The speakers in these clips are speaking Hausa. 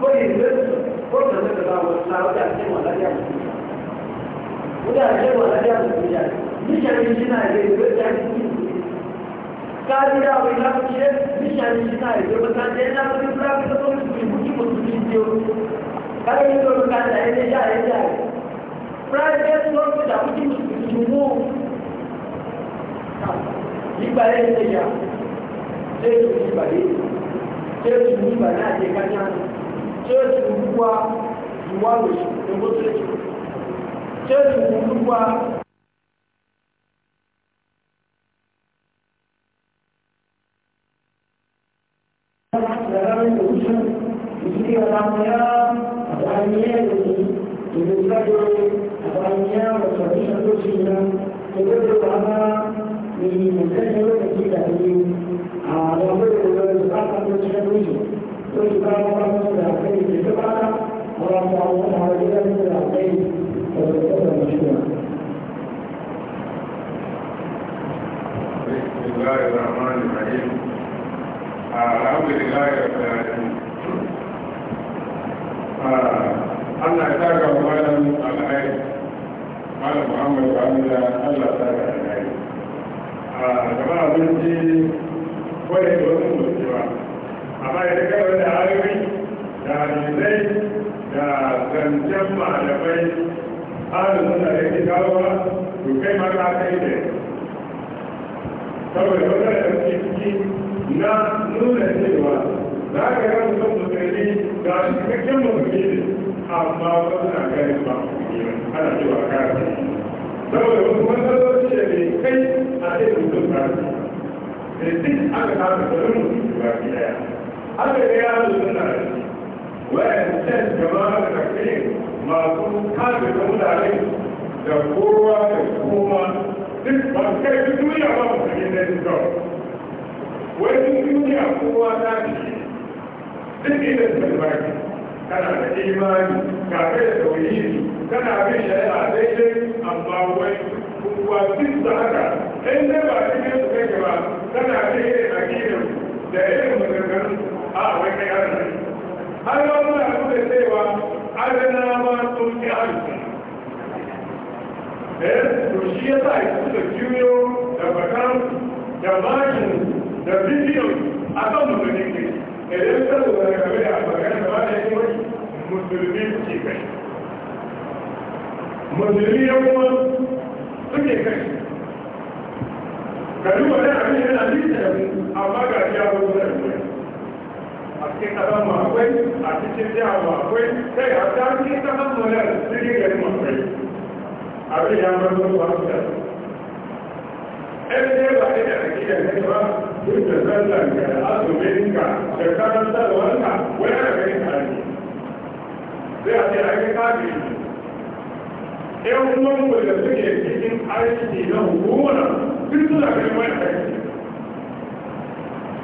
bóyá ìlú ètò bóyá ìlú ètò àwọn ọ̀sán ọjà tí wọ́n lájà lùkú yà ọjà tí wọ́n lájà lùkú yà níṣẹ́ ní ṣínà ìlú ìlú ètò àti ìlú káàdì àwọn ìlàkùnṣe níṣẹ́ ní ṣínà ìlú ètò àti ìlú àti ìlú àti ìlú àti ìlú kí mo tún fi di o káàdì ìlú olùkà ẹ̀ẹ́dẹ́ yà ẹ̀ẹ́dẹ́ yà private hospital kú kí mo tún fi mú ìgbà ẹ̀ẹ́dẹ́ yà ṣé ètò ìgbà yìí ṣé ètò ìgbà náà ṣe kájá ní church kubwa iwawe Thank you. ويبقى محمد بن عقيل في ya wa wa amma da daga wanda ayoyi da hadisai da zancen malamai halin suna da yake kawo to kai ma ka kai da saboda wannan da suke ciki na nuna cewa za ka yi rasu son musulmi da shi cikakken musulmi ne amma wasu na ganin ba ana cewa kare saboda wasu matsaloli da ne kai a cikin mutum ba ne duk aka kasa da wani mutum ba ɗaya haka da yana da suna da shi wayan can jama'a da kafin masu kaga da mutane da kowa da kuma duk ba su duniya ba su kai da su kawai wani duniya kowa ta shi duk inda su kai baki kana da imani kafin da tauhidi kana bin shari'a daidai amma wai kuwa duk da haka in dai ba cikin su kai ba kana da irin akidar da irin maganganun a wai kai yaron ne har yau muna kuma cewa adana ma sun fi arziki eh to ya sa ya suka juyo da bakan da mashin da bidiyon a kan musulmi ke idan ta zuwa da kame da bakan da ba da kuma musulmi ke kai musulmi ya kuma suke kai gari wani abin yana nisa da amma ga ya wani da a cikin ƙasar mu akwai a cikin jiha mu akwai kai a ta cikin ƙasar mu nan cikin gari mu akwai abin ya zama ba su da su ɗan ne ba ɗaya da ke da kai ba duk da zallan ka da azumin ka da karantarwar ka wani da kai kare zai a ce a yi kare ɗan uwan mu da suke na hukuma duk suna kai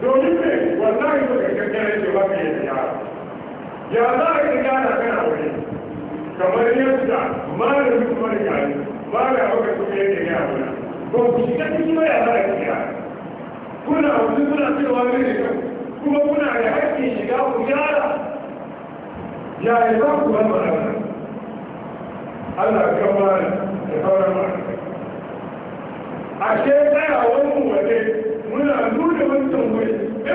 domin ne wallahi suka kakkare ce maka ya tsaya ya za a yi gana kana aure kamar yadda malamin kuma da gani ba da haka suka yake gaya mana ba ku shiga cikin ya za a tsaya kuna wani suna cewa ne ne kuma kuna da haƙƙin shiga ku gyara yi za ku zama a Allah kan mana da sauran mana ashe tsaya wani waje muna nuna ba mu ya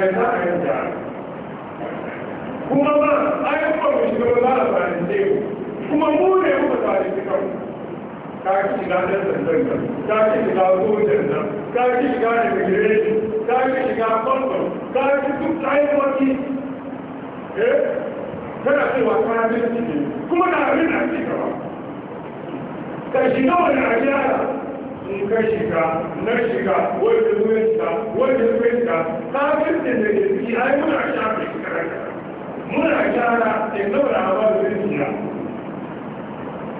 yi za a yanka kuma ba a yi ba mu shiga ba a kuma mu ne ka ki shiga ɗan zanzan ka ka ki shiga nan ka ki shiga ka ki shiga ka ki duk eh cewa ciki kuma na ci gaba ka shiga wani gyara in ka shiga na shiga wanda zuwa shiga wanda zuwa shiga kafircin da ke ciki ai muna shafe karanta muna gyara da zaura a babu zuciya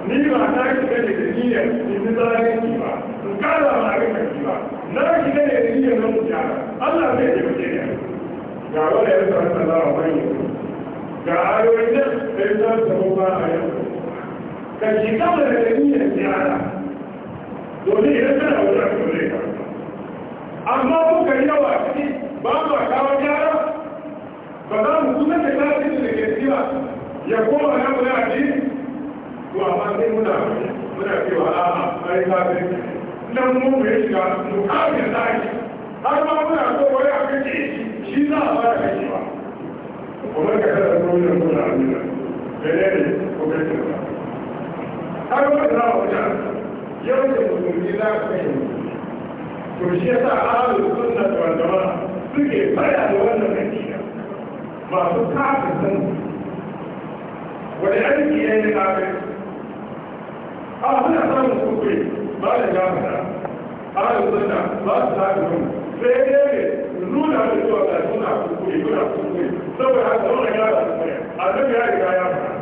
ni ba ta shiga da jirgiyar in ji zalunci ba in kara ma ga karfi ba na shiga da jirgiyar na mu allah zai yi mace ne ga wanda ya sa sallah a wani ga ayoyin nan sai za ba a yau ka shiga da jirgiyar gyara domin idan tana wata kuma zai karanta amma muka yawa ciki ba mu kawo gyara ba za mu kuma da tarihi da ke tsira ya koma na muna ji to amma sai muna muna cewa a'a ai ka sai nan mun mu shiga mu kawo da har ma muna so wani a kace shi za a fara kacewa kuma ka kada kuma muna muna menene ko kace ka har ma za mu yau da musulmi za ku fahimci to shi yasa ahlus sunna wal jama'a suke fara da wannan hakika masu kafin san wani aiki ya yi kafin a suna samun kuskure ba da gafata ahlus sunna ba su kafin sai dai ne nuna da cewa ga suna kuskure suna kuskure saboda haka wani gafata a duk ya riga ya fara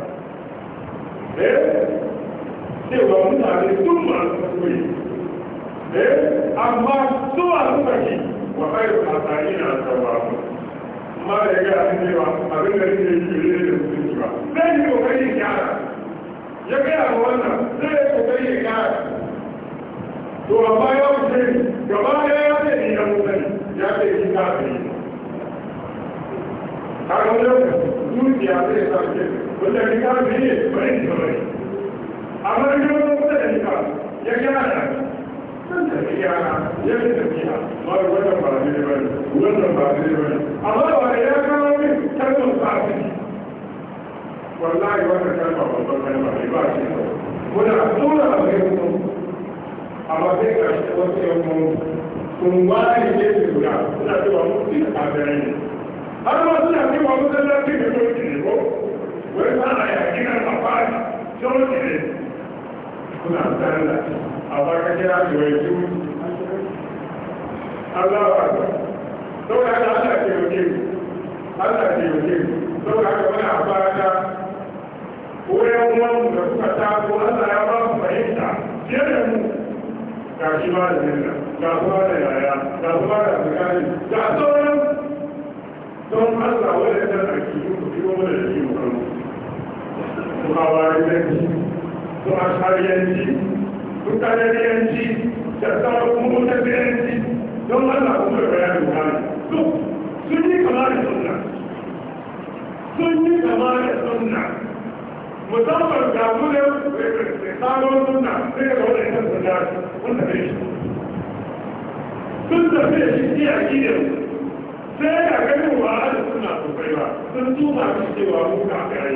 eh? cewa mutane duk masu kuskure eh amma su masu baki wa khairu hasani na tawabu amma da ga abin cewa abin da yake yi ne da mutunci ba zai yi kokari ya gyara ya gaya ma wannan zai yi kokari ya gyara to amma ya wuce gaba ɗaya ya ce ni dan mutane ya ce ni ta ce kaga wannan dukiya zai sa ke wanda ni ka ne ba ni ba ne amma in kuma kusa da nika ya gyara sun tafiya ba ba da a a a ma a suna tsalla a baka kira da wai su Allah ba ba saboda haka Allah ke yake Allah ke yake saboda haka muna fata koyan wani da suka taso Allah ya ba su fahimta fiye da mu ga shi ba da nuna ga kuma da yaya ga kuma da tsakani ga sauran don Allah wadda ta tsarki su kuma da shi mu kan su kawo ya zai su ashariyanci su kadariyanci da sauran kuma tafiyanci don Allah kuma da bayanin kanu duk sun yi kama da sunna sun yi musamman ga kudin sabon sunna sai ga wani kan sunna wanda bai shi sun tafiya shi iya gidan sai ga ganin wa da suna sosai ba sun tuma shi cewa muka kai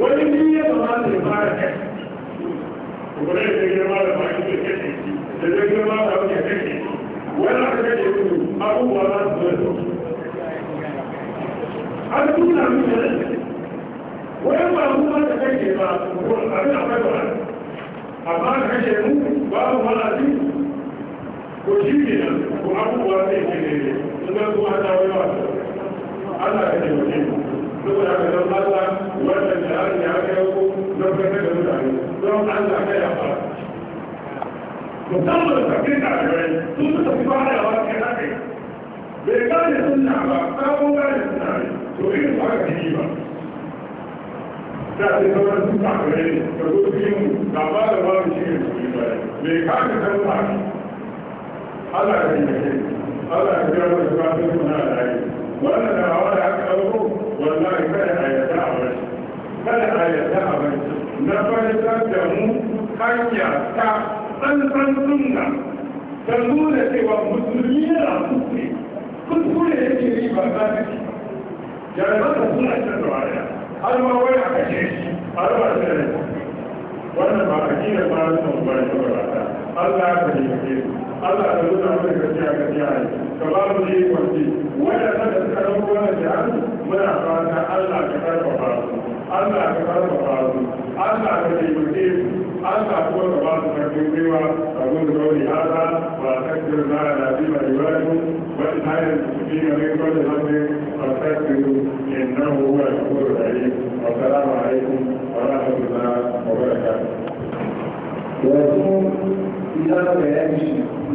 wani ni ya kamata ya fara kai kuma da ya girma da baki da kake da ya girma da wani kake wani aka kake su abubuwa za su zai so an tuna min da wani ba mu ma da kake ba abin akwai ba amma ka kashe mu babu malafi ko shi ne nan ko abubuwa zai ke ne ne sun ga ta wani wasu Allah ya taimake mu saboda ka don Allah wannan da an ya kai ku don ka ga mutane don Allah ka ya fara musamman da tafi da kai sun suka tafi fara yawa kai na kai bai gane sunna ba sabon gane sunna ne to irin ba ka ji ba da sai sauran su ka kare ne ka zo cikin mu ga ba da ba mu shi ne su ba bai ka ka san ba Allah ya yi Allah ka ga wani ba da da da wallahi kada a yarda a bari kada a yarda a bari na farka da mu hanya ta tsantsan sunna ta nuna cewa musulmi yana kuskure kuskure yake yi ba za su ci jarumata suna can da waya. har ma wani a kashe shi a raba shi da wannan ba a kira ba su ba shi ba Allah ya fahimce su Allah ka nuna mana gajiya gaskiya ne ka ba mu yi wanci wanda kan da suka rabu wannan jihar muna fata Allah ka karfafa su Allah ka karfafa su Allah ka taimake su Allah kuma ka ba su karfin gwiwa a gudu rauni hada ba a tafiyar na da bi mai wani wani hanyar su fi ga mai kwanta zafi a tafiyar inna huwa da kuma da yi assalamu alaikum wa rahmatullahi wa barakatuh. Yanzu, idan ka yanki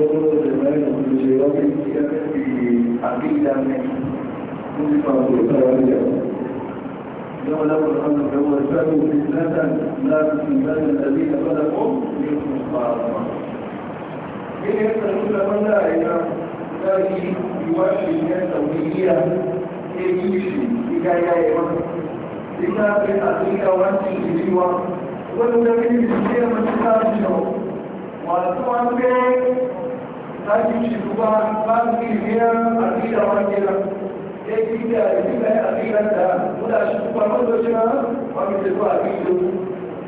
يقول الإمام الجيراني في عقيدة من مصطفى الإسرائيلية لو لو الأمر هو سبب فتنة لا تسمى الذين خلقوا ليكون سبحان الله. إيه يسألون من لا يعلم ذلك يوحي الناس وهي يمشي بكاية لما في الحقيقة وأنتي تجيبها ولو لم يجد شيئا من كتاب الشعوب. وأنتم عن sashi shugaba masu biyar al'ida wani gina ya yi da yi da ya al'ida da muna shugaba mazocin wani da zuwa biyu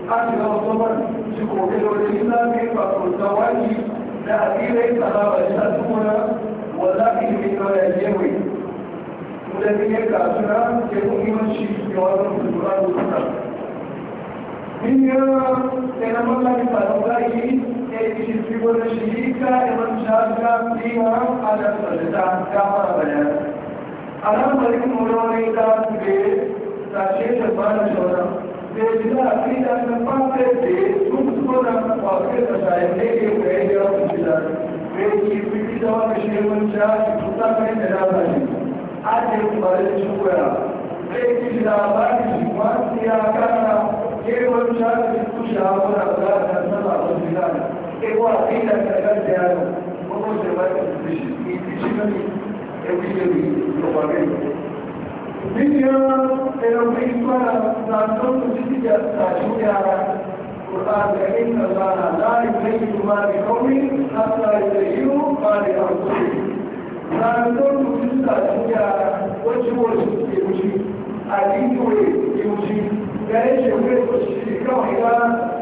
a shiga musamman shi kuma kai wani islami ba kusa wani da al'ida ya sahaba shi a tukuna wanda ake yi da ya jewe mutane ya kasuna ke muhimmanci ga wani musulman musulman. Min yana tsaye na mallaka da एक किसी शरीर का एवं शाह का तीन अलग बजता का बजाय अलग बल्कि उन्होंने कहा वे राशेष बन छोड़ा वे जिला अपनी जनता से थे सुख को रंग पौधे बचाएंगे के गए जब जिला वे जीपीटी जवा शेरवन शाह भूता में निराशा आज एक बारिश हुआ एक इलाहाबाद की बात किया करना केवल शाह कुछ आपका धर्म आवश्यक है e com a vida que elas como você vai e criticando eu escrevi novamente. Vivian era uma história da nossa da Juliana, القرآن الكريم الله لا hoje, e لقوم حتى يبينوا ما لأنفسهم. e تسعى تسعى وجهوا يمشي، أديتوا يمشي، لا يجب أن تشركوا إلى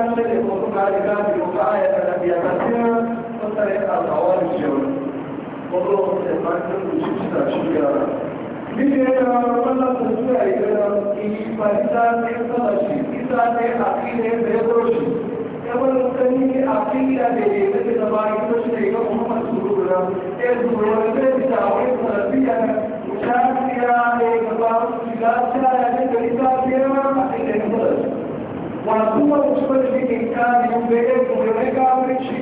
και για να μπορέσουμε να για την κοινωνία μα, την κοινωνία μα, την κοινωνία μα, την κοινωνία μα, την κοινωνία μα, την κοινωνία μα, την κοινωνία μα, την κοινωνία μα, την κοινωνία μα, την κοινωνία μα, την κοινωνία μα, την κοινωνία μα, την κοινωνία qualcuno di che in cambio un vedetto che le caprici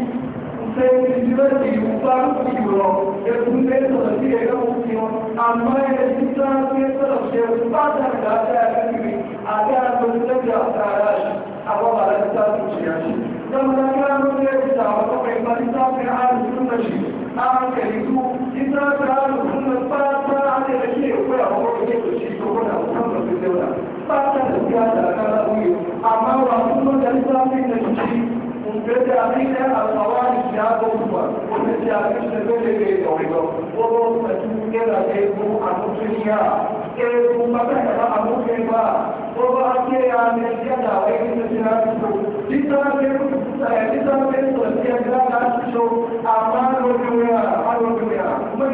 un semplice divertito, un partito e un detto da dire che ultimo a mai registrato che però si è fatta la terra di me a terra di te già sarà a prova la città di Ciaci da una grande realtà come in qualità per anni sulla città anche di tu si tratta anche di un fatta anche perché quella che ho detto ci sono una fatta di te una fatta di te una fatta di te amma ba kullum da lissafin da shi da abin da a tsawari ya gautuwa wanda ce a kan da dole ne da wani ba ko ba su ke da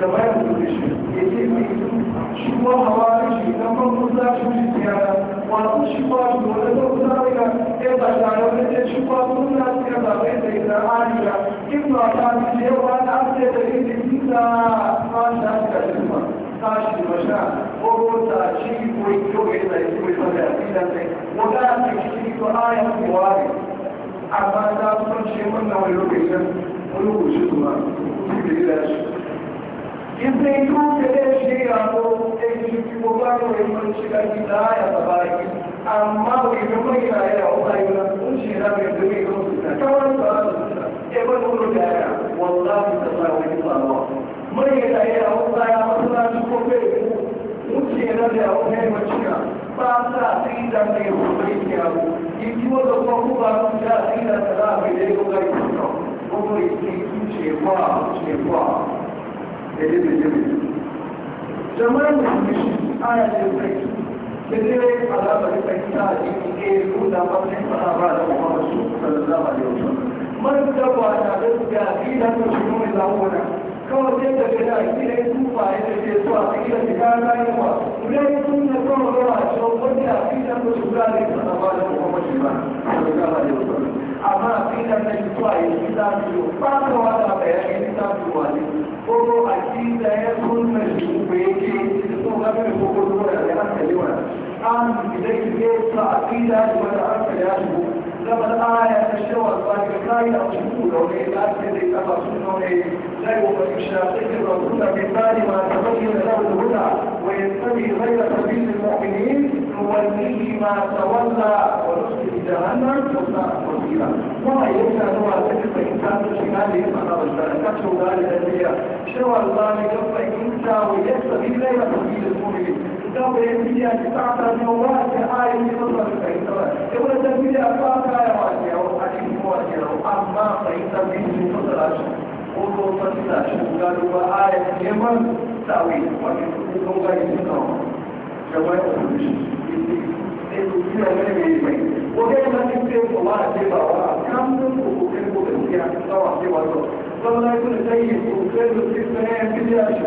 da bayan da shi ya ce mai shi da shi dan ban kusa shi shi tiyara wasu ta ta shi ta sha wani ta sun ce wannan wani lokacin wani kusur ma su da gida shi Ibn da shi ya ko ɗauki ko ba a yi mun shiga gida a gaba ki amma wai ga mai na ya o ba yana kun shi na mai da mai kun ta tawar ba e ba mun da ya wallahi ta ba wai ba ba mai da ya o ba ya masala ko be mun shi na da o ne ba sa sai da mai rubai ya ko in ko da ko ku da sai da ta ba mai da ko ga ko ko ki ki ce ba ce ba da jirgin jirgin jama'ar musulmi ana da tsaki da dai alamar tsaki ta jini ke nuna wannan sahaba da muhammad su sallallahu alaihi wasallam man dabba na gaskiya idan musulmi ne zauna kawai sai da gada gidan tufa ya tafiye zuwa a gidan da kayan bayan wa gudan sun na kawai zuwa a cikin wanda a gidan musulmi ne sahaba da muhammad su sallallahu alaihi wasallam amma aƙida ta zuwa ya yi zafiyo ba ta wata bayanin zafiwa ne koro aƙida ya sunna shi ko yake so ga mai kokoro da ya hankali wani an da ke sa aƙida da wata hankali ya shigo zama aya ta shawar tsari kayi a cikin raune da ake da kafa sun raune zai wa bari shafikin rasula mai tsari ma ta bayyana da rawar huda wa ya tsari zai da sabbin mu'minin nuwannihi ma ta wanda wa nufin jahannar wasa a kwasira kuma yadda zuwa ta ci fahimta ta shiga da yin mahabar da ta cewa da lafiya shawar tsari kan fahimta wa ya tsari zai da sabbin mu'minin também então, tá, tá, tá, então, a stata ne wace ayin sunan fahimtar ibn tafiya ba ta yi wace yau a cikin wace yau amma fahimtar bin su fasara shi ko ko fasara shi ga duba ayin neman sawi wani kuma gari suna jama'a da kuma shi ne su kira wani mai mai que kai na cikin sai ko ba a ce ba wa kan sun ko ko kai ko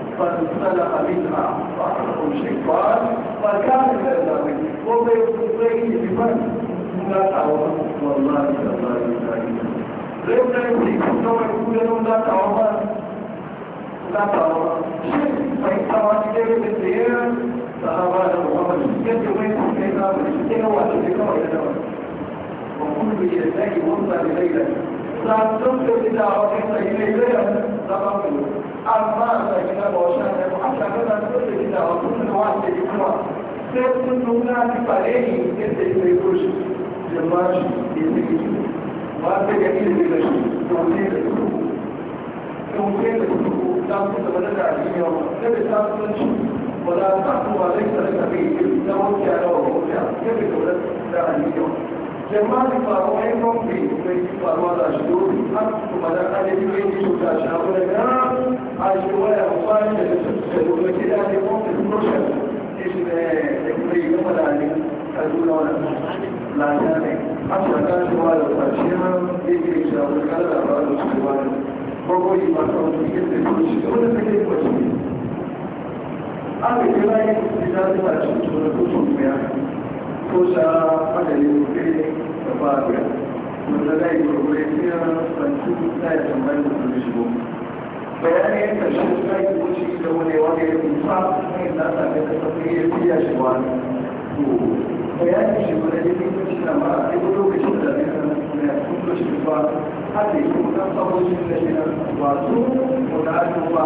فانسلخ منها فأخرج الشيطان فكان كذلك وبيقضيه بمن لا تعوض والله لا لو لا يملك ان يقول لهم لا تعوض لا تعوض شيء فإن تعوض إليه بالزيارة فأراد محمد كيف يميز الشيطان كيف هو الذي كما يدعون وكل يدعي وصل ليلة سأتصل إذا عرفت إليه لا تقبله amma da gida ba wasu ne a haka ga da dole gida wa kun da wasu kuma sai sun nuna ki fare ni yadda ya yi kushi shi ne ne ba ta ga ilimi da shi to da su to da su ta ku da wani da shi yau da ta ku shi wala ta ku ba zai tsare da bai da wani ya da wani ya da wani da shi yau jama'a faru ai kwamfi mai faruwa da shi dole har kuma da ɗalibi mai yi su tashi abu da gara a shi waya kwari da su da dole ke da ne kwamfi proshen ke shi da ya kuma yi gama da ne a duna wani lada ne a shi da shi wa da tashi na ya ke shi abu da gara da ba da su ba ne kwamfi yi masu wani ke da su shi dole ne ke kwaci aka kira yi da zai ba shi tunan kusur ko sa adalin birnin tafafiya wanda zai gurgure fiye sanci ta yi tambayin da su shigo bayani ya tashi ta yi kuci da wani wani ya tufa mai nasa da kasa fiye fiye shigowa to bayani shi wani ya tufa shi na mara a duk lokacin da zai kan suna ya tufa shi ba haka yi kuma kan sabon da shi na wasu wanda aka ba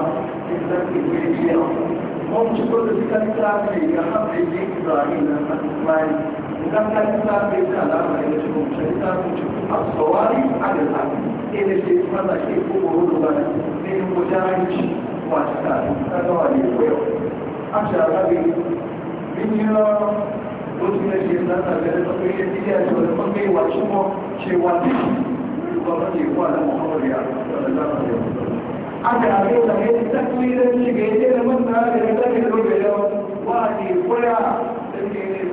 in zarfi fiye fiye kuma cikin da suka ta ne ga haɗe ne ga ina a idan ka yi zafi da alama ya ce mun sai ta mun ci a tsawari a da zafi sai da sai fara ke kokoro da bana ne in ko jaranci wata ta ta ne wani koyo a sharabi min yi wasu na shi na tafiya da kuma yi bidiya da wani kuma yi wasu ko cewa ne ba ba ke kwa da muhammadu ya da zafi da yau aka abin da ya tafi da shi ga yake da mun da ya tafi da yau wa ne koya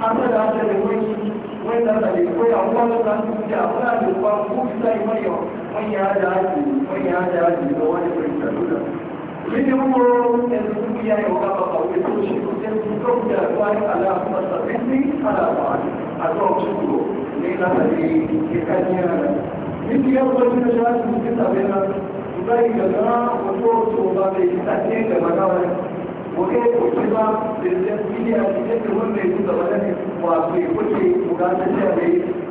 حمد هذا da وإذا يقول الله سبحانه وتعالى يقول مريم وهي هذا عدل وهي هذا عدل وهذا عدل Jadi umur yang dunia yang orang bapa itu sebutnya untuk dilakukan ala masa ini ala apa atau cukup ini dari kitanya. Jadi yang boleh saya ba adalah sebagai ta untuk cuba kita jaga bagaimana wajen kuci ba da jami'i a cikin da wanda ya zuba wajen ba ke kuce bukatun da ne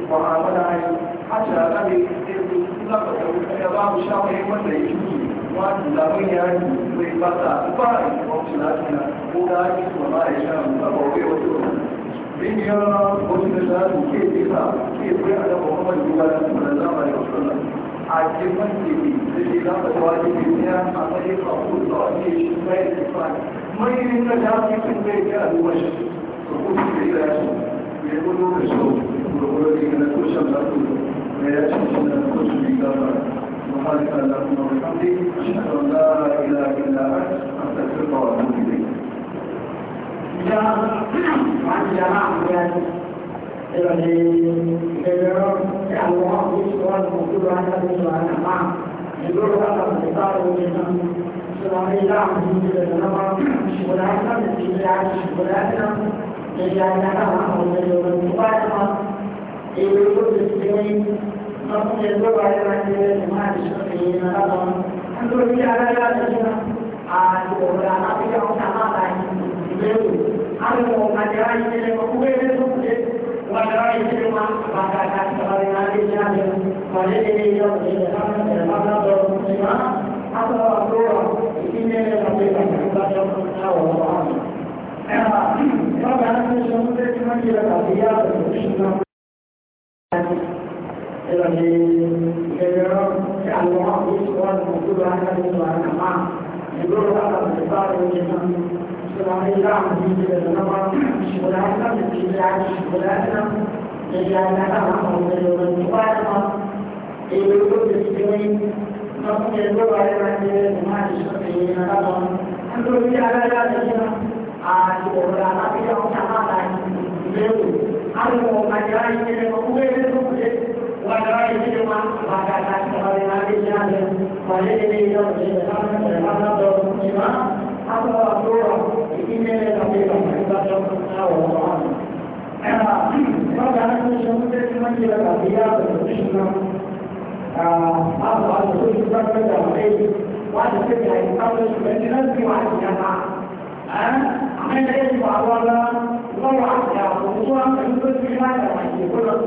ba a mana yi a shara ne da ya zuci za ka tafi kaya ba mu shawarai wanda ya cuci ma su zaɓi ya yi mai ba ta ba a yi kuma su lafiya ko da ake su ma ya sha mu ba kawai wasu wani bin yi yana da za su ke fesa ke a da kwamfani ba da su na zamani wasu wani a kifan ke yi da shi za ka tawa ke fiye a tsaye kafin da wani ya shi mai da kifan خير النجاة من بيت أبو بشر فقلت إلى أسوء يقول رسول يقول لك أن كل شمس أقول لا يشمس أن كل شمس أقول مخالفا لكم وبحمدي أشهد أن لا إله إلا أنت أستغفرك وأتوب إليك جاء عن جماعة بيان يعني يقول يا الله يسوع المقدور عن أبو سبحانه معه يقول هذا الإطار شغلاتنا باستمتاع شغلاتنا نجعلها معهم يوم القيامة يقول السنين نقول الربع عن الجماعة الشرقيين أيضا نقول في على ذاتنا عاد ولا نبيع سماعة أنا ومجاري من المقبول ومجاري من المقبولات سببنا للجانب ولدي يوم الجمعة المغرب والجمعة أطلع الدور إلا لطيفة حتى شرطنا وضعنا طبعا الشروط تكمل إلى الأطياء والمشنة إلى الجيران كأن الله يسوى المكتوب عنها يسوى عنها يقول هذا الانتصار والجنة سبحان الله عن جيد النظر شغلاتنا من جيدات شغلاتنا يجعلنا نعمل من الانتصار يقول بالسكرين فهم يدور على الرجل بما يشتري لهم أن تريد على ذلك عاجب ولا أبي أو شهادة أنه قد رأيت لكم ورأيت لكم أربعة شهور تفكر جمعية وأنا كنت هيتقبل لأن لازم يوعد الجماعة عملنا إيه مع بعضنا الله يعافيها وخصوصا في كل شيء ما يعافيه كله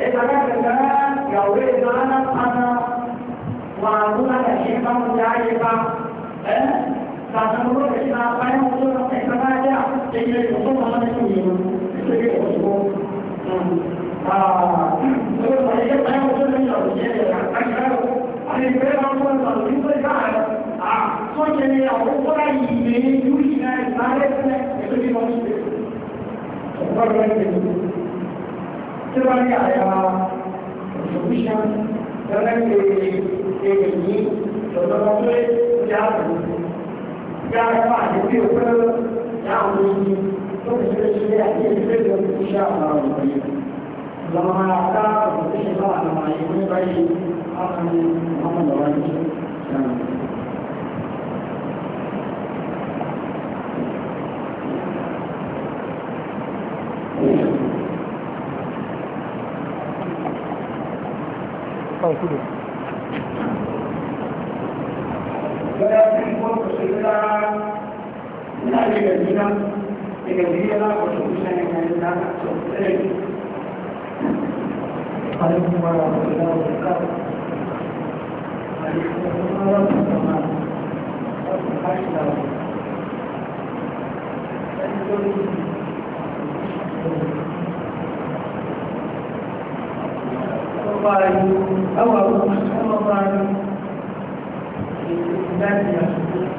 إذا كان كمان لو رأيت أنا أنا وعندنا تشيكا متعيبة فسنقول إذا كان وصولنا في السماجة تجري وصولنا من السمين تجري وصولنا 你不要说老林会干啊，说起来我过来以前有几年，哪里是呢？也是地方去的，我过来的，这帮人呀，互相，原来给给你，有的老对家族，家里话也没有跟家族，都是这些，也是这个互相啊，我们。zama ya ta da kashe ba a mai kuma bai hakan hakan kan kudu Ina daga shi عليكم ورحمة الله وبركاته عليكم ورحمة الله وبركاته أو أبو رمضان الإنسان يصدق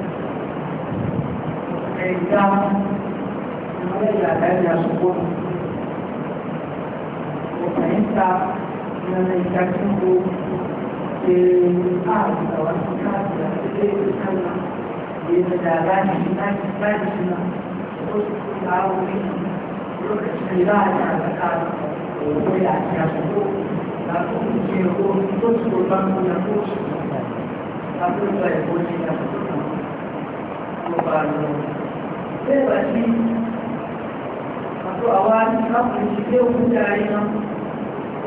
الإنسان يريد أن يصدق وفإنسان nella intanto che parla la casa e parla di vedere di pagina o lo che si va alla casa o poi a casa la commissione o tutto il banco da corso la cosa è poi la lo parlo e va lì ma tu avanti ma principio un carino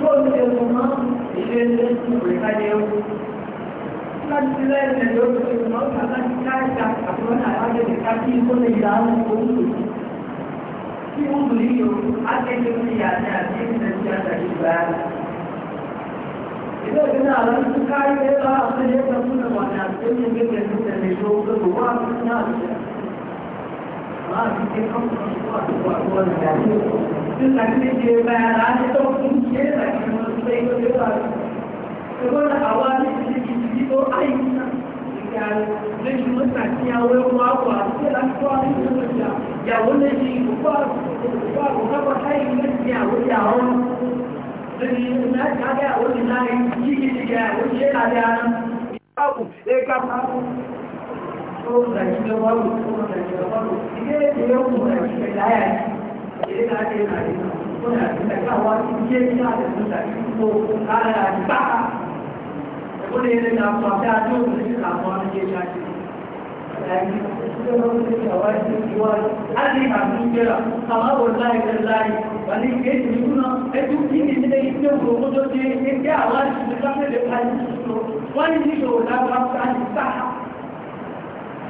tó ń ṣe fún mọ́ ìṣe ilé ìwé káyé ó láti ti lẹ́yìn ẹ̀yọ́ tó ṣe fún mọ́ láti káàkà àtúwọ́n àlájẹ́ ìka kí ikú lè yà á ń kó ń lò kí wọ́n lò yìí o akẹ́kẹ́ fi yàtí àti ìṣẹ́ ti àtàkì gbà á إذا كنا على الكاية إلى أن يكون وانا أتمنى بك أن تتنجوك بواق الناس ما في كيف أمر الله وأقوال الناس sakit bayağı da toplum diye sakın sayılıyorlar. Sonra havali ilgili o aynı yani ne şunu sakın yalı var var diye lakı var ya ya o ne şey bu var bu var o da var hayır ne ya o ya o ne kadar o ne kadar iki kişi ya o şey kadar ya o ne kadar o da işte var o da işte var bir de yok mu da işte 也拿钱买的，不然你在看我今天下的是在我他来你爸，我连人家床下就是去打床的接下去。来，这个东西小外是一万，他自己把出去了，他把我赖跟赖，反正给你不能，哎，就今年那一天我我就接，人家我是刚才来拍的时候，万一你说我来我把你打。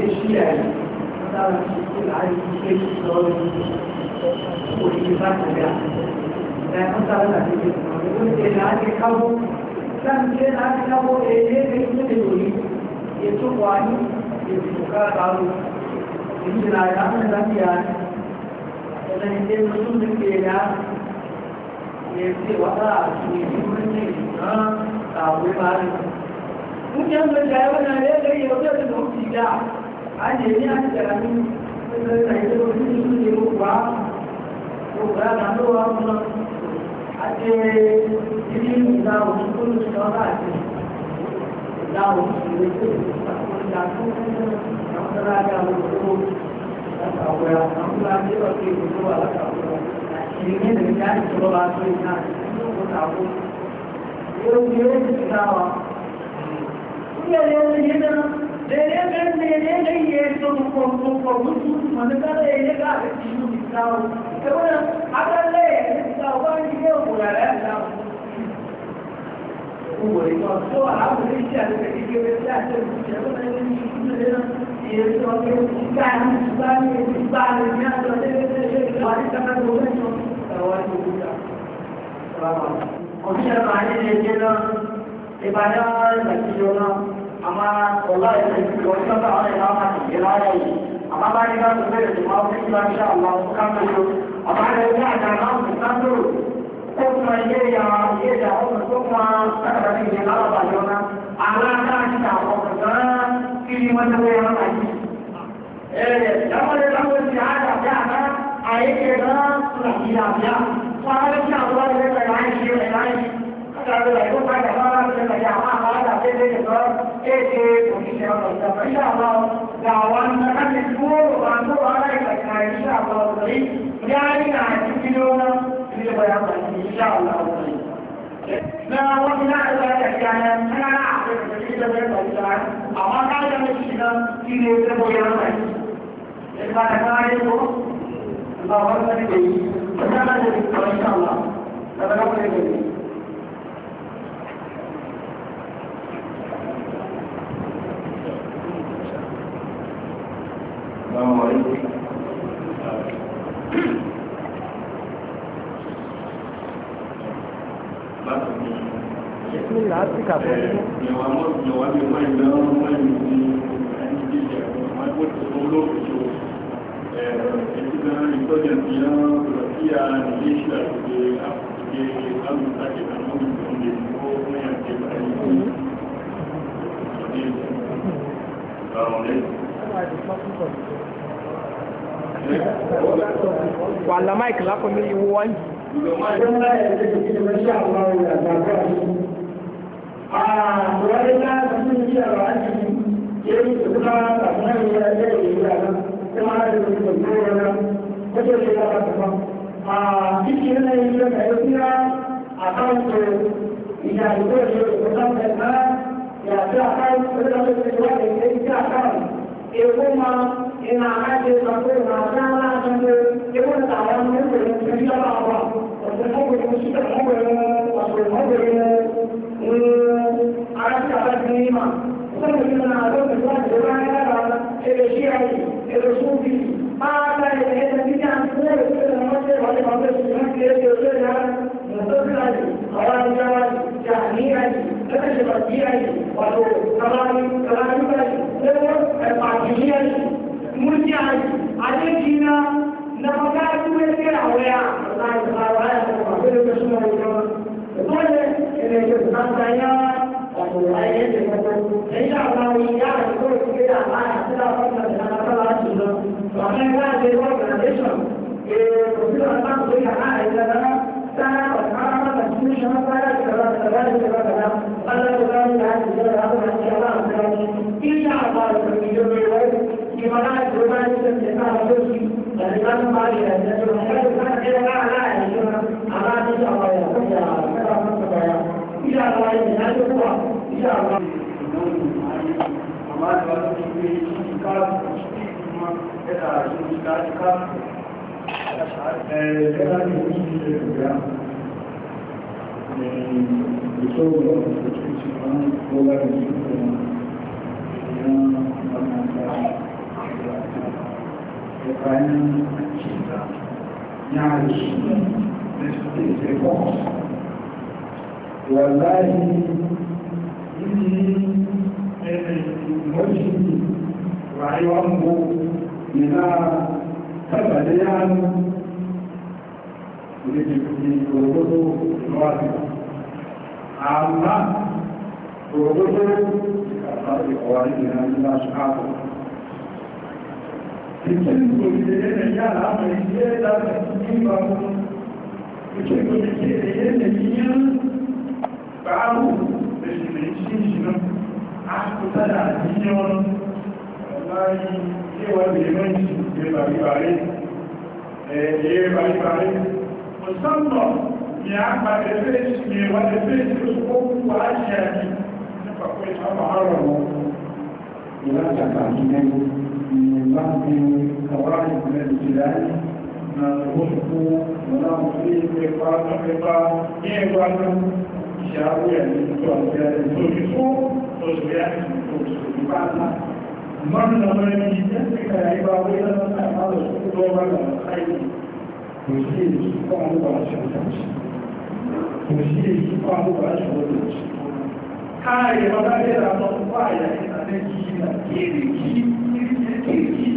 Eşkiyel, mesela şekil aynı bir şey doğru o iktisat eder. Ben mesela da bir şey elade kavu, ben bir elade kavu eyle renkli de dolayı. Yetu kuani, yetu kukar kavu. Şimdi raydan neden yani? Neden işte nasıl bir şey ya? Yeti vada, yetimini, ha, kavu var. Bu kendine çayvan ayda da yolda da noktada. 而且呢，现在呢，那个那个旅游啊，物价涨了啊，而且旅游呢，我们不能去搞那些，那我们只能去打工呀，看看那个打工的那些，我我我我打工呀，然后呢，这个旅游之外呢，打工，哎，今天人家去干嘛去呢？去打工，有节日去吗？不有节日去吗？daidai daidai da yi ya so mutu wani kada ya yi ga shi yi misawo saboda akan laye ya misawo ba ni yau gurare ya samu kowai ba so a abu da shi a daga ike bai sa ta rubuta wani yin shi kuma da nan ya so ke shi ka yi shi ba ne shi ba ne ya so da ya so ya so wani kamar gobe ne wani rubuta ọ̀sẹ̀ máa ń lè jẹ́ náà ìbàdàn ìbàdàn amma wallahi da wani sanda ana yi nama da ila yau amma ba ni za su zai da ma wani kila insha Allah su kan da yau amma da yau ya dama su san su ko kuma ya ya ya ya ko kuma ચાલુ રહેવું પણ તમારા મજામાં અમારા સાથે જે ઘર એ છે પૂછી સેવા પૈસા અભાવ ગાવાનું નકા કેટલું વાંધો વાળા એક લખાય ઈશા અભાવ કરી ત્યાંની આઠ કિલોના એટલે બરાબર ઈશા અભાવ કરી ના વગના એટલે અત્યારે ના ના આપણે પછી તમે પૈસા આવા કાલે તમે શીખા કે એટલે બોલ્યા નહીં એટલે આ કાલે તો બાબત કરી દઈ બધા Allah Mike lápẹ̀mí ìwọ wáyé. Ìyàwó ìjọba ìjọba ìjọba ìyàtí àkáyé, ó lọ́wọ́ ìjọba ìjọba ìjọba èkó máa ìnà àkájẹ ìgbàgbé ìnà àkájẹ àkájẹ èkó ní àwọn ọmọ ẹgbẹ́ rẹ̀ ti rí ọ̀la ọ̀la ọ̀sẹ̀ mọ́gbẹ̀rẹ̀ mú síbẹ̀ mọ́gbẹ̀rẹ̀ mú ọ̀sẹ̀ mọ́gbẹ̀rẹ̀ mú aráàlú àbájú ní ìmà sọ́dọ̀ ìgbìmọ̀ àdókòwò àti ìwà ẹ̀rọ ẹ̀rọ sí àyè ẹ̀rọ sí òbí ما كان يتحدث فيك عن سنة وسنة المنزل ولا مصر سنة كيف يوصلها مصر علي خوارج علي جهمي علي فتش بطي علي وهو كرامي كرامي علي لو المعجمي علي مرجع علي عليك هنا نفقات ويسكر عويا الله يسمع وعيا وعيا وعيا وعيا dole ne ke tsaya wato ayyukan da kuma sai da Allah ya yi da kuma da Allah ya tsara wannan da Allah ya tsara Bahkan kan Wàláyé ní ẹni ìwọ́n ṣe ní wàáyé wọ́n mú ìlà tàbàdé yánu ìrìnjìkì òwòrò lọ́wọ́dì àmà òwòrò ìkàtàrí ọ̀wàrí ìrìnàjò láti àpò ìtìlú ìrìnlẹ̀ yára àmà ìdíyẹ́ láti nígbà fún ìtìlú ìrìnlẹ̀ yíyán báàrùn-ún bayi cewa limanci ya bari bare ya bari bare musamman ya ba da zai shi ne wanda zai shi su ko kuwa shi ya ki na bakwai ta bahara mu ya ta kaki ne ba ne kawai da jirani na rufu na mutu ne ba ta kai ba ne wannan wani da suka yi ba wai da wani amma da su zo ba da aiki to shi ne a u kwanu ba shi mutunci to shi ne su kwanu ba shi mutunci kai ba za ka da ba ba ya yi a nan o h i na ke da ki ke ke ki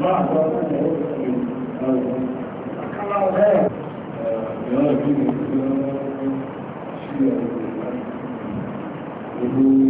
ba ba ba ne kala ba ya da ki ne shi ya Thank you.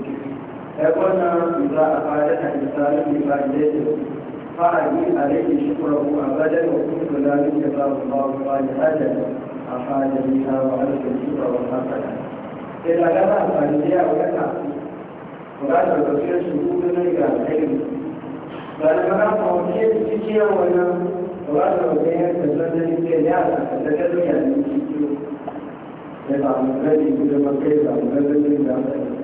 ai wannan za a fada a misalin ibadatin fa'ali alaihi shukurahu abadan wa kuntu la yujza Allahu salihatan afada da wa alaihi shukurahu abadan sai da gana amfani da yawa kaka ba da tafiyar shi kudu na ga alheri ba da kana fahimci cikin wannan ba da tafiyar da zanen da yara da ta ba ne cikin da ba mu gani ba kai ba mu gani da ba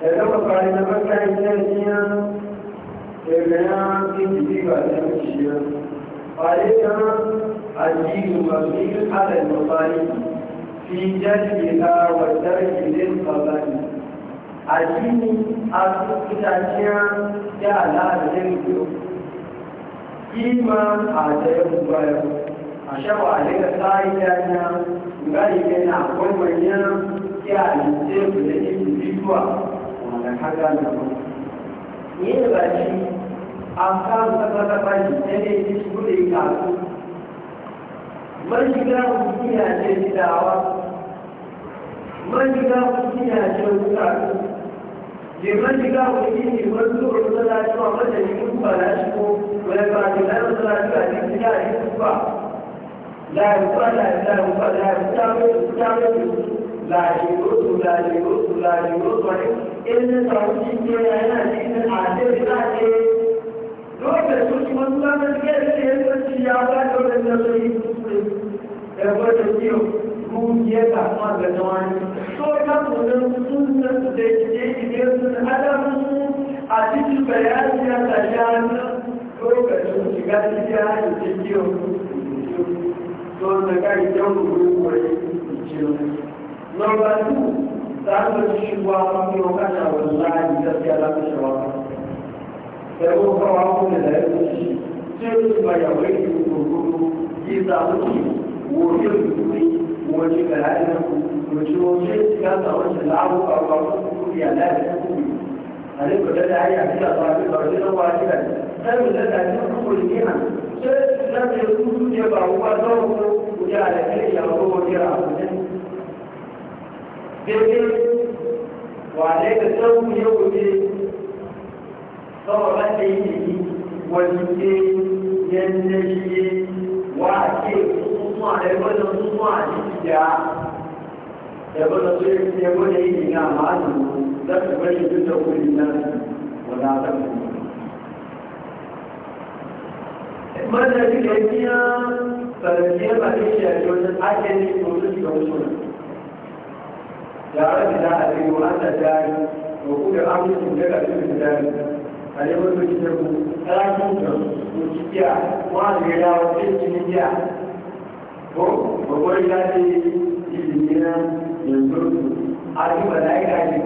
daga bukari na baka ikirkiya daga ya fi jiki ba da kuciya bayan ajiyu masu yin halar mafani fi jari ta wadar gilin fabani ajiyu a kuciya ya ala'adar biyu kima a jayen bayan a shawa a daga tsari yana ga ikina akwai manyan ya halittar da individual haka na yin da shi an samu tabbata ne sai dai shi su da yi kasu mashiga mutum ce gidawa mashiga mutum ya ce wuta je mashiga mutum ne wani zuwa masalaci wa majalin kuma na ko. wani ba ke na shi a cikin yare kuma la yi ba la yi ba la yi ba la yi ba la yi ba लाजी रोज लाजी रोज लाजी रोज बने इनसे साउंडी के है ना जिसने आते बिना के लोग महसूस मंगला में के लिए बच्ची यात्रा कर रहे थे एवर देखियो घूम ये कामा गजवान तो का मुझे सुंदर देख के इधर से आदम आदित्य बयान या तजान लोग महसूस कर दिया देखियो तो लगा इधर घूम पड़े देखियो number two za ka kuma shiwa mafi wakana wallahi gaskiya za ka shawa sai ko kawo ko da da yake shi sai su ba ya wai ku gurguru yi za ku ci wofi gurguri wace ga ra'ayin ku wace wace ga ta wace la'abu a kwakwakwa ku ya la'ayin ku ale ko da a ya kira ba ki ba ki na wa ki da sai mu da ta ku ku ni na sai na ke ku ne ba wa zo ku ya da ke ya ko ya ku daidai wane da samu ya gobe saboda ta yi ne wani yadda shi wa ke kuma da kuma a jiki da da wani so ya wani yi ne na ma'azin za su bari duk da wuri na wana ta kuma da sarari ya ba da shi a wajen ake ne ko su shiga wasu da za a yi wa anta jari wa ku da amincin daga cikin jari a ne wani lokaci da ku da ku ci biya da ya dawo cikin cikin biya ko babbar ya ce ilimi na yanzu a ji ba da aika ne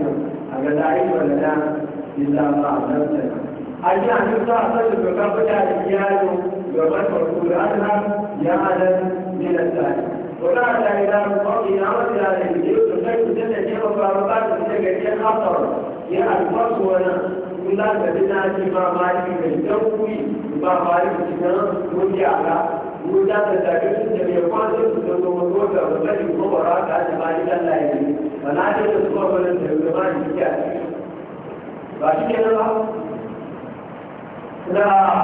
a ga da aika da na islam a nan a ji an yi sa a da da kafa da iyalin gaban farko da an ya adan ne da tsari وبعد إلى مصطفى أمر إلى الإنجيل فشيء جدا جدا فأربعة تتجدين أطر يا الفرس وأنا كلا بدنا جمع مالك الجوي مبارك جنا مجعلا مجا تتجد جميع فانس تتجد مطوطة وبالي مبارا كاش مالك الله يلي فنادي تسوى من الزمان جدا باشي كنا لا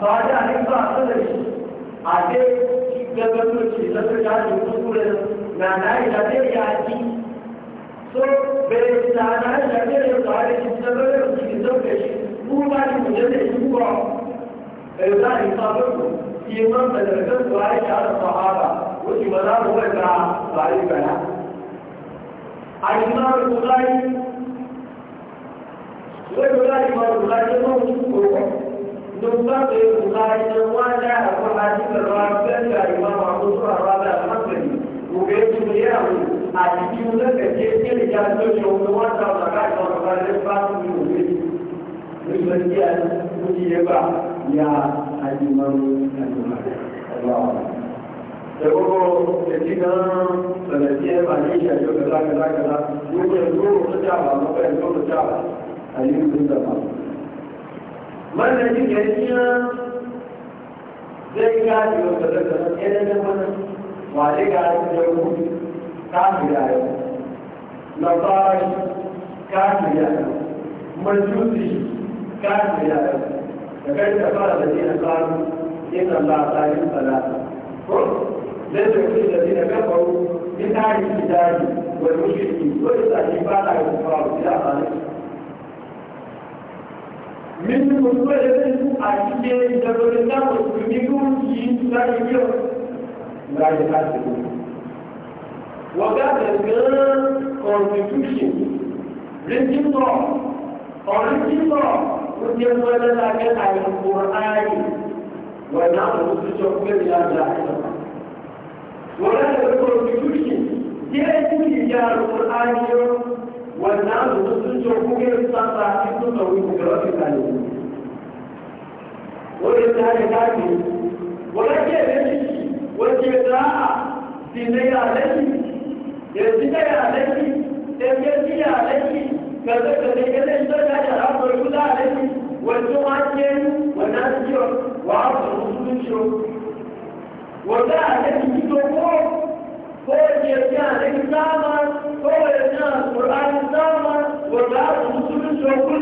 صادق عليك فأصدر ate gagamnoci na su da su kusura na na yi da zai ya ji so bai na na yi da zai ya zuwa da shi da zai ya ji da zai shi kuma shi mu jade shi ko bai za a yi sabon ku shi man da daga su a yi shahara sahara wuce ba za mu wai ba ba yi gana a yi ma da kuzari wai kuzari ma da kuzari ya zama mutum ko 努巴队出来，一摸一下，我拉起个娃子来，一摸把骨头拉得满满的，我给伊表扬了。哎，就这个天气里，家里做吃的，我早上打开窗子，外面就满天乌云，乌云天，乌云吧，呀，还阴毛，还阴毛，好不好？结果今天本来天还阴些，结果那个那个那个，如果如果是下晚，我再说是下晚，还阴天的嘛。mallakin gaskiya zai gaji wata daga ɗaya da mana wale ga da yau kafira yau labarai kafira yau majusi kafira yau da kai da fara da dina faru in Allah ta yi salata ko zai da kuma da dina kafaru in ta yi kitabi wani mushriki ko da ta yi fara da kufaru ya fara Mesti berdua itu akhirnya jatuh kita berpikir kita ini dari hati. Wajar dengan konstitusi, rezim law, rezim law, rezim mana lagi ayat Quran, wajar untuk coklat yang lain. Wajar dengan konstitusi, dia itu dia Quran yang والناس مسلم شوكوك يستطع حكم توي مجرد الثاني والإنسان ثاني ولكن ليش والجزاء سيني عليه يزيد عليه تبيزي عليه كذا كذا كذا إذا كان الأمر يقول عليه والجمعة والناس يوم وعرض المسلم شوك وذا عليه يتوقف هو الجزاء عليه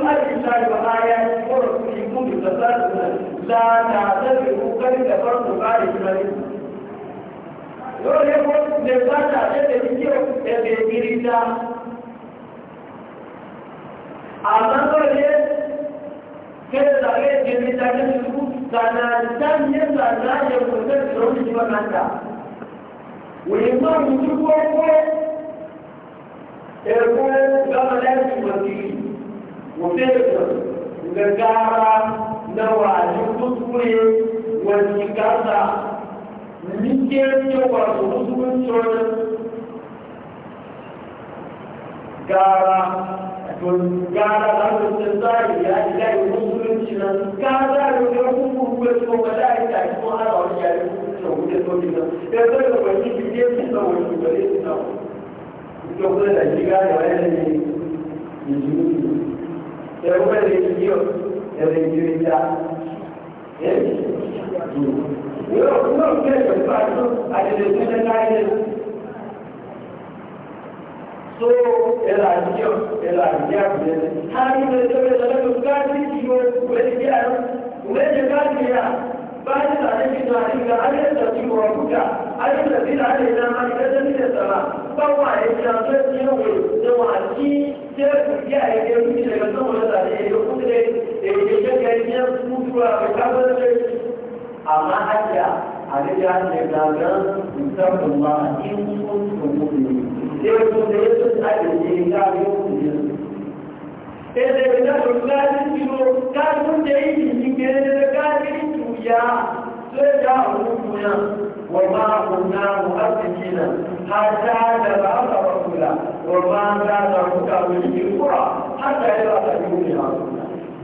آية الله وآياته ورسوله تسلسلا لا تعتبر قد كفرت بعد إيمانكم lórí ẹgbẹ́ lè bá ṣàtẹ́tẹ̀ ní kí ẹgbẹ́ ìrì dá àmọ́tọ́lẹ́ kẹsàlẹ́ ìrì dá ní ṣubú tànàdá ní ẹ̀sàdá yẹ kò tẹ́sì lórí ìjọba náà wòye máa ń dúró pé ẹ̀kọ́ gbọ́mọlẹ́sì wọ̀nyí mutum da gara na wajen kuskure wani gaza mikiyar yawa da musulunci gara don gara da mutum zari ya yi yayi musulunci na gara da ya kuku ruwa ko ba da ya yi ko ana wani yare kuku wuce to ne ya zai da wani bidiyar da kuma da yiyo da da yiyo ta eh yo kuma ke da fasu a da da na yi so era yiyo era yiyo ta ni da da da da ga yiyo ko da yiyo ko da yiyo baki da ake zuwa riga an yi da cikin wa kuka an cikin ake da ka da cikin tsara ba wa ya ci an zai cikin wa da ci ya kuka ya yi cikin daga san wani da ya yi kuka da ya yi da cikin gari ya kuka wa ka ka zai cikin amma haka a ne ya ce da ga ta kuma in kun kuma ne ya kuka da ya ce a da ya yi da ya kuka da ya kuka إذا بنا رجلان تجو كان من جاي من كذا كان يا سجى ومنا وما كنا مؤسسين حتى نبعث رسولا وما كان ربك ملك القرى حتى يبعث يومها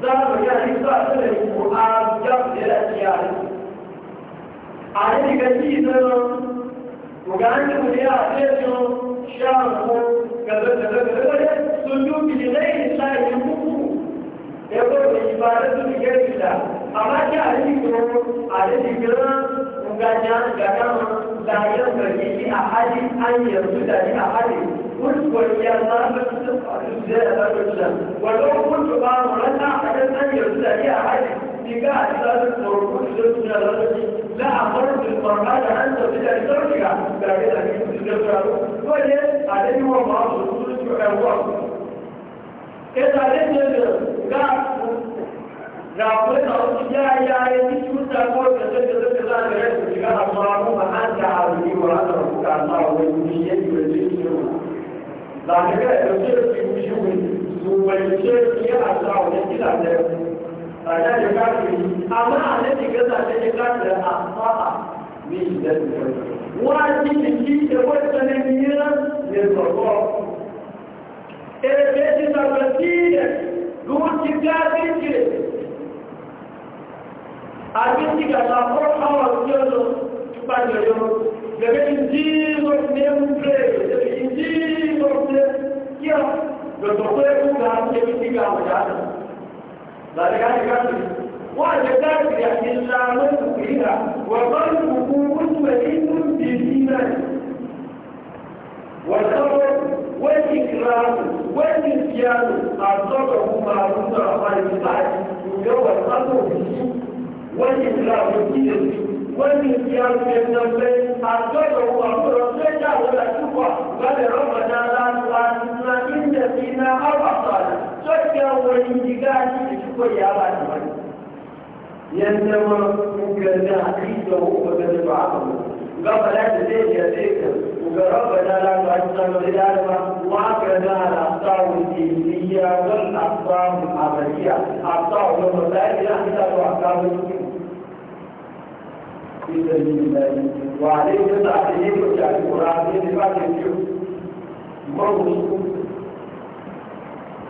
ذلك كان يبعث القرآن جمع الأشياء عليك كثيرا وكان يقول يا أخي شامخ kaza kaza kaza wani sujudu li ghairi llahi min kufru ya ko da ibadatu li ghairi llah amma ki yi ko ali gira ga ja ga ga da ya bari ki a hali an yanzu da ni a hali kun ko ya za ka tsaya da da wato kun ba mu rasa a da yanzu da ni a hali نكاح ثالث مربوط زوجنا الرجل لا أمر بالمرأة أن ترجع لزوجها لكن أكيد زوجها وهي عليه ومعه رسول الله إذا لم da kuma wasu yaya ya ci cuta ko da zai da zai za da yadda shiga a samu a an da harbi wa an da rubuta ma wani ne ya yi da zai ce wa da ga da zai ci shi wani su bai ce ya a sa wani gida da ba ya da kafiri amma annabi gaza ta ji kafiri a fa'a min da wajibin ki da wata ne miran ne farko ebe ti tabbati da duwuci kafin ke abin ti ga lafar hawa yau da yau daga injiyar ne mure daga injiyar ne kiyar da tafiya kuka ke mitiga wajen ba da gane kafiri wanda kafiri a islamun kuhira wa ƙarfi hukumun mahimmin bibinan والخبر والإكرام والنسيان أعطته معروف رحمن البعض يجوى الأمر بالسوء والإكرام بالسوء والنسيان بالنسبة أعطته أمر السجع ولا شفع بل ربنا لا تعلمنا إن فينا أو أخطأنا ya wani diga shi da shi ko ya ba shi wani yanda ma kuka da hakika ko ba da ba ba ga bala da zai ya zai ka ga rabba da la ba ta da da ba wa ka da la sawu diniya wal aqsam abadiya aqsam wa la ilaha illa huwa aqsam وعليه تسعة أيام وتعالى القرآن في بعض الجيوب مرض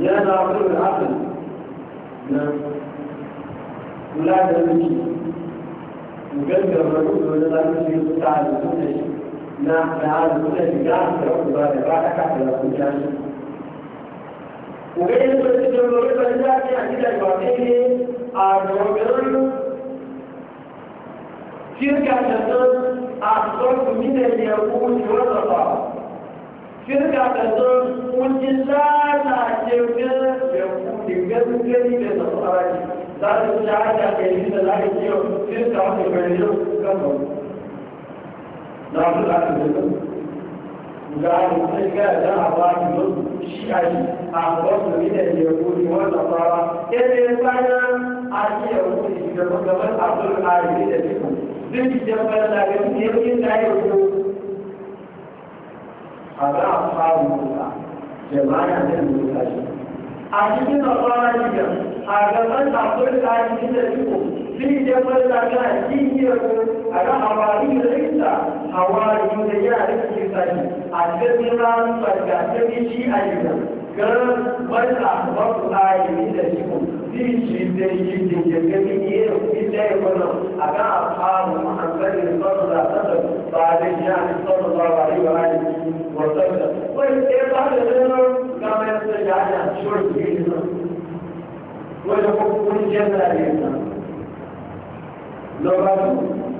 ya da, deci, na wani rafin na kula da miki gangan wani wani zafi su yi ta da suna shi na da hali suna shiga da wani ba da ba a kasa da kuma shi Ugai yin sosai da wani wani a gidan ba ne ne a dogon shirka da sun a sosai firka da zan kunci lalace gaskari da nasarari za su ci haka ga yi da za a yi yau firka wata gari kan ba na su za su zai ga yi sai ga da a ba ki zo shi a yi a su ne da ya kuri wanda fara ɗaya ya a yi kuri da gaban abdul ari da teku zai ji jan bayan da ya yi da ya kuri a za a fara mota jama'a da mota shi a cikin da fara jiya a gaban da kuma da a cikin da jiko shi ne kuma da ta jiya ko a ga hawari da rinta hawari da yana da ke sani a cikin ranar da ta bi shi a jiya ga wanda ba su da shi ne في يجي جميع إلا يقولون أنا أصحاب محمد صلى الله عليه وسلم بعد الجامع صلى الله عليه وآله وسلم وإذا بعد ذلك كما يستجعنا شرط بيننا ويقوم الجنة بيننا لو رأوا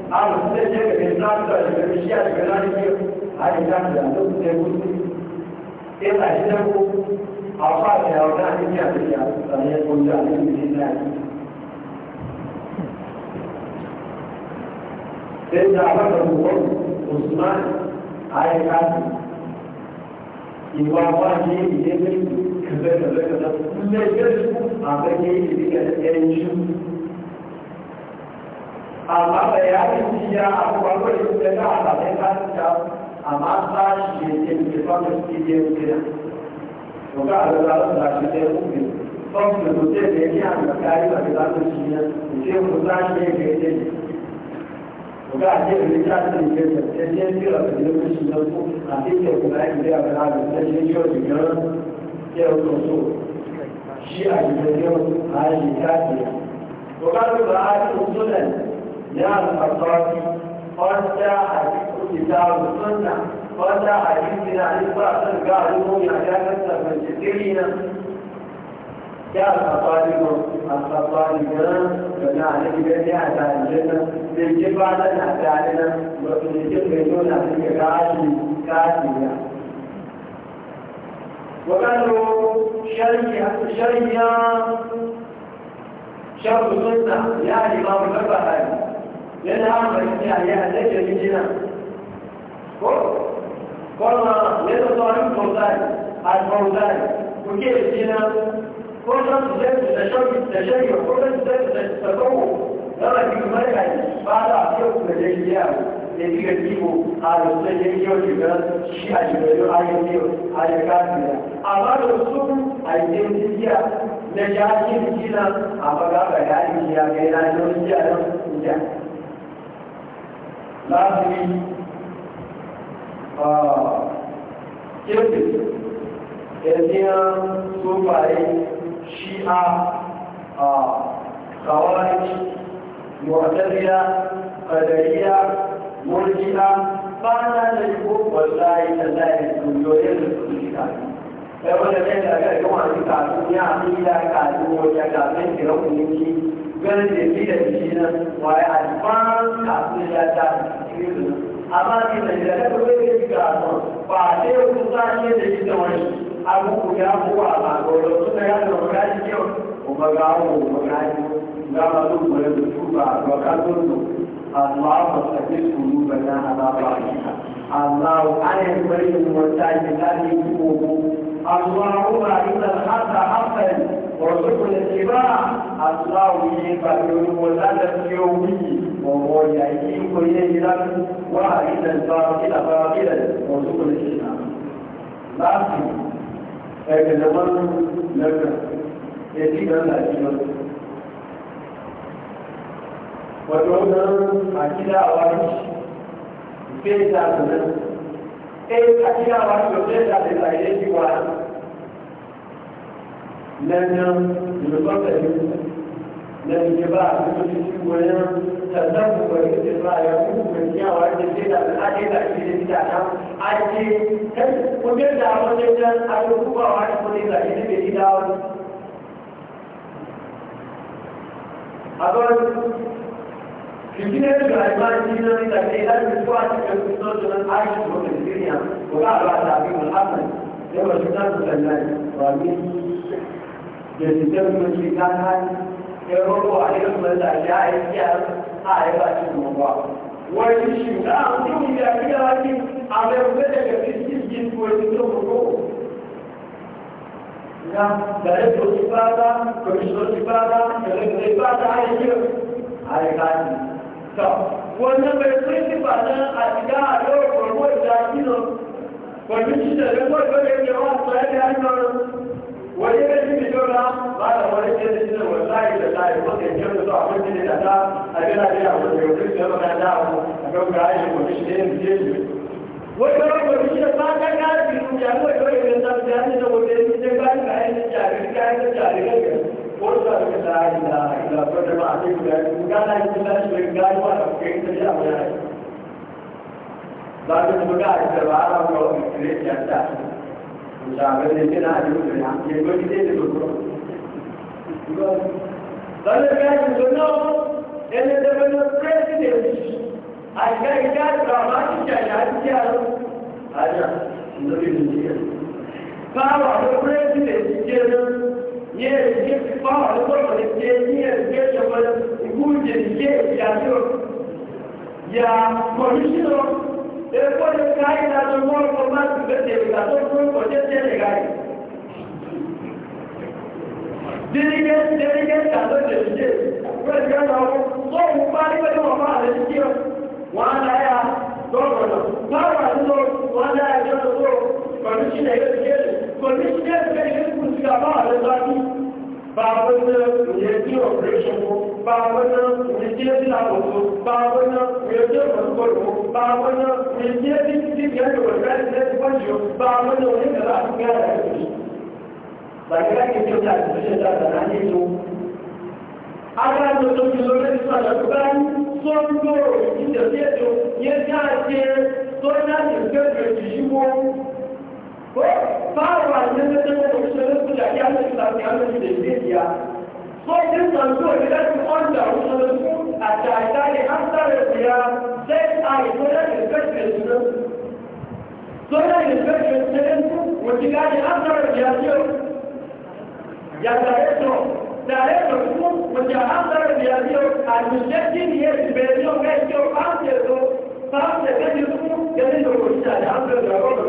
أنا أستجعنا الإنسان فلسل الشيء الكلام فيه هذه كانت لأنه تقول إذا أجده àbá ni àwọn náà ní àti àtúntàyẹ kọjá ní ìdílé náà. Ṣéjà alákọ̀ọ́kọ́ Osman Ayekasi ìwà wáyé ìdílé kẹfẹ́kẹfẹ́kẹfẹ́ ilé ìgbésùn àbẹ́kẹ́ ìdílé ẹ̀jú. Àmà bẹ̀yà ti ya àwọn akọ̀ọ́kọ́ ìdílé náà àtàlẹ́ká ti ta àmà sáà ṣe ètò 我刚才说了，那时间不久，当时我这边这样子，该有给咱们时间，你这不三十年给这里，我刚才这边下次你这个先先去了，肯定不行的，不啊，这些本来你这样给他，你先先去了，你跟第二手术，西啊，你这就还是家庭，我刚才说啊，这种人，你让他着急。فتا حديث كتاب السنة فتا حديث عليه فأصل قالوا يا جاكسة من جدينا يا الخطالب الخطالبان بنا عليك بيتي حتى الجنة بالجبع لنا حتى علينا وفي الجبع يجون عليك كاشي كاشي يعني وقالوا شريعة شريعة شرط السنة يا الإمام البخاري yana amfani a yi halayyar mijina ko kuma yana tsohon fauzari al-fauzari kuke mijina ko don su zai da shauki da shari'a ko don su zai da tsakowo don a biyu marigari ba za a fiye kuma da shi yaro da biyu kiwo a rasu da yau shiga shi a shigaru a yau yau a yau kafin amma da su a yi jiya na jakin jina a baga ga yayin jiya ga yana jiya don jiya lazimi a ah, kirkin yanzu sufaye shi'a a ah, kawai mu'tazila qadariya murji'a ba na da ko wallahi tallahi sun yoyin da su shiga sai wanda zai ya wajen ganin da ke da shi na waye a cikin kafin ya ta cikin amma ni da ya ta kuma ya ga ba sai ku sa ne da shi da wani abu ku ya ku a ba ko da su da ya da ga shi yau ku ga ga ku ga الله فاستجب قلوبنا على ضعفها الله أنا بريء والتاج الذي يجوبه اللهم إن الحق حقا وارزقنا اتباعه اللهم يبارك ولا تسيوبه وهو يأتيك إليه لك وأعيد الباطل باطلا وارزقنا الاجتناب باطل لكن زمان لك يجب أن تأتي wato wannan a gida a wani bai da nan eh a gida a wani da da yi wa nan nan da yi nan ke ba a kuma cikin wani sannan ku bari da ba ya kuma gaskiya wa da da da da kai wani a yi kuma kuma da da a Beginner to advanced learners are able to squat and social action from experience without what will happen. They were returned to the land for me. The determinant she can have, they were all available that they are here, I have to know what. Wọ́n ti ṣì ń dá àwọn tó ń yà kí ara ní àwọn ẹgbẹ́ ẹgbẹ́ tí sì yí fún ẹni tó mú kó. Ìyá ìdàrẹ́tò ti bá dá, kòmíṣọ́ ti bá dá, ẹ̀rẹ́gbẹ̀rẹ́ bá dá ayé yẹ̀, àyíká nìyí. wannan bai principal na a gida a yau kwarbo da kino kwarbi shi da da kwarbo da ke wa tsaye da hanyar wani da shi fito na ba da wani ke da shi da wallahi da layi wanda ya kyau da su abin da ta a gina da ya wani yau duk da yau na da abu a kan ga ayi kwarbi shi da yin biye shi wani kawai kwarbi shi da fata ka biyu ya kawai yi da ta biya yi da wani ya yi ba ni ka yi da jari ka yi da jari ka yi قلت لك لا اله الا الله كنت بعطيك ذلك وقال لك لا شريك قال وانا كنت جاء وياك لكن مقاعد تبعها وقال لك ليش يا ساحل مش عامل لي كده عادي ممكن يعمل يقول لي ليه قال لك يا سنه ان ده من البريزيدنت عشان كده دراماتيك عشان كده هذا النبي الجديد فهو البريزيدنت Нет, не мало, только нет, нет, нет, будет, есть, я все. Я мужчина, это будет край, даже можно помочь, когда тебе готов, ну, пойдет, я не гай. Делегат, делегат, который же здесь. Предгадал, то упали, потом опали, все. Валяя, добро. Пара, ну, валяя, я, то, мужчина, я, здесь. condiția pe care îl cuțiava arătati, babănă, uieție opreșencu, babănă, uieție din apostol, babănă, uieție măscorcu, babănă, uieție din tipianul organ, de spăciu, babănă, uieție la fiecare aici. Dar era chestiunea de a spune data la Nizu, Agradă Domnului Sfântul sunt două, este ceea ce toți ani în către și omul ko farawa ne na zama da shi da su da ya ne da ya ne da ne ya ko din san so ne da su on da su da su a ta ta ne an tsare su ya sai a yi ko da ne kace su so da ne kace su wata ga ne an tsare su ya ce ya tsare su tsare su kuma wata an tsare su ya ce a mishakin ya ce bai yi ga ce an ce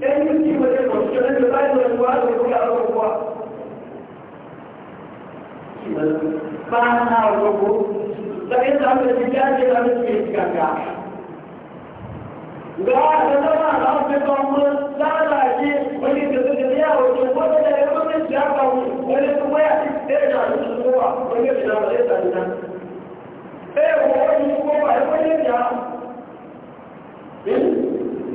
ɗan yanki wajen kwanciyar da bayan da ruwa da ruwa da ruwa ba na rogo da ya samu da jika ce da su ke ganga ga da zama a kafin kamar lalace wani da suka tsaya wajen wata da ya kwanci ya kawo wani kuma ya ci ɗaya da su zuwa wani da ya samu da ya samu nan ɗaya kuma wani kuma ba ya kwanci ya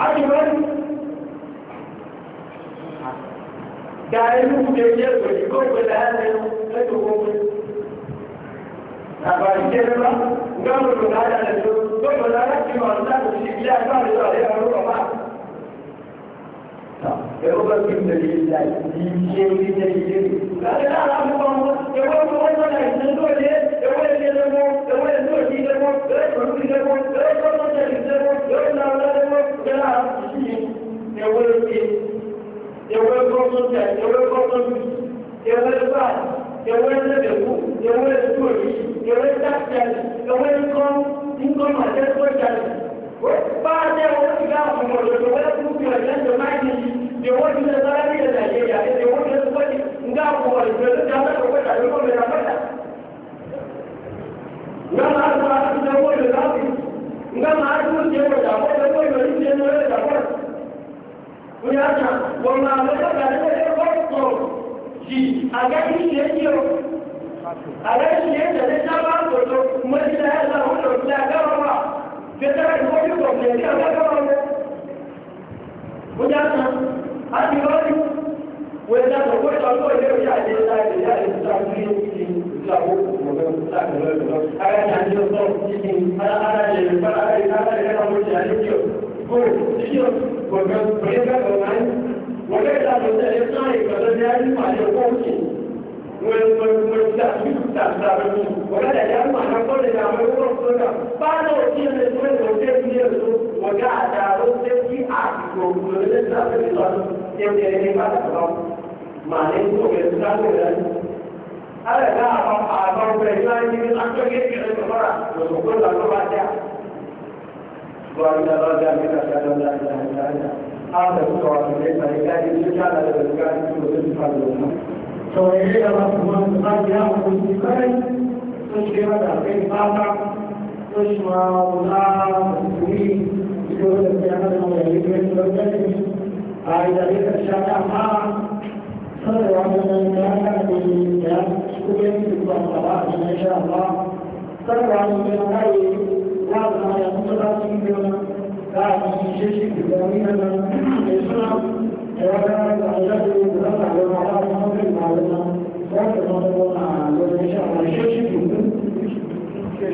argument ga yi kuke je ku ko ku da hada yau sai ku ko a ba ke ba ga mu da hada da su ko ba Ẹ̀rọ bá fi ìgbẹ̀lẹ̀ ìlà ìṣe orílẹ̀ èdè. Láti lára àwọn ọmọ ẹ̀wọ́ ọmọ ọjọ́ náà ìṣẹ́jọ́ ilé, ẹ̀wọ́ ilé lẹ́wọ́, ẹ̀wọ́ ẹ̀sọ́ ìdí lẹ́wọ́, ẹ̀ẹ́kọ̀ọ́ ìdí lẹ́wọ́, ẹ̀ẹ́kọ́ ọjọ́ ìdí lẹ́wọ́, ẹ̀ẹ́kọ́ ọjọ́ ìdí lẹ́wọ́, ẹ̀ẹ́kọ́ ọjọ́ ìdí lẹ́wọ́, ẹ̀ẹ́kọ́ ọjọ́ ìdí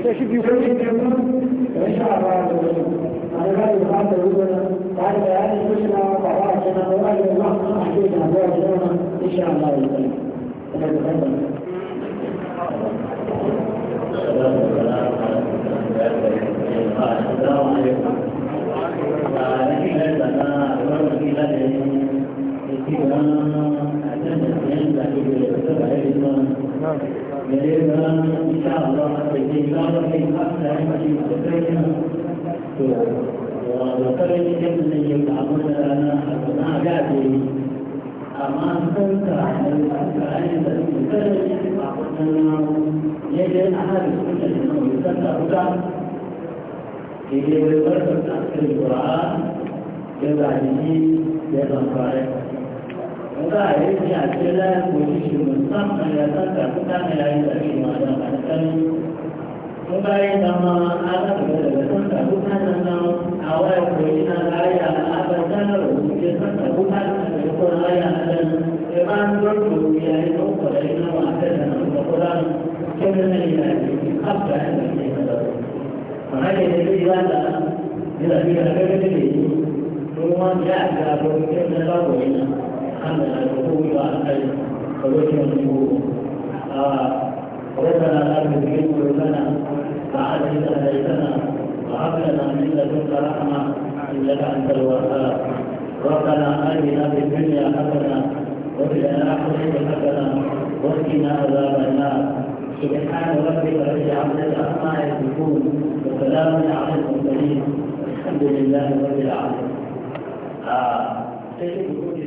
يستشف يكون فإن شاء الله على ذلك بعد ربنا بعد بيان كلنا وقراتنا وأهل الله الله يكون السلام عليكم. نحن لنا ورد في هذه الاتجاه لدينا إن شاء الله استجابة في أكثر من مدرسة وطريق الذي يتعامل لنا مع ذاته أما كنت أحمل فأين تتكلم أنه يجب أحد كل أنه يتكلم إذا وزرت أكثر القرآن يبعدين يبقى وبعد الاعتلاف وجيشه الصمت لا تنفع كتاب لا يسأل ولا تعتمد وبعد ما أردت أن تنفع كتاب أواب وإن الآية أبدا وجسد كتاب يقول آية أبدا إيمان برضو يعني أخرى إنه أحسن القرآن كمن الإيمان قبل أن يتدرس فهذه الرسالة إذا فيها كلمة ثم جاء كتاب كمن الأولين أننا نقول أن فلسنا الجمهور ربنا لا قلوبنا بعد إذ وهب لنا من لدنك رحمة إنك أنت الوهاب ربنا آتنا في الدنيا حسنة وفي الآخرة حسنة وقنا عذاب النار سبحان ربك رب العزة عما يصفون وسلام على المرسلين الحمد لله رب العالمين. آه،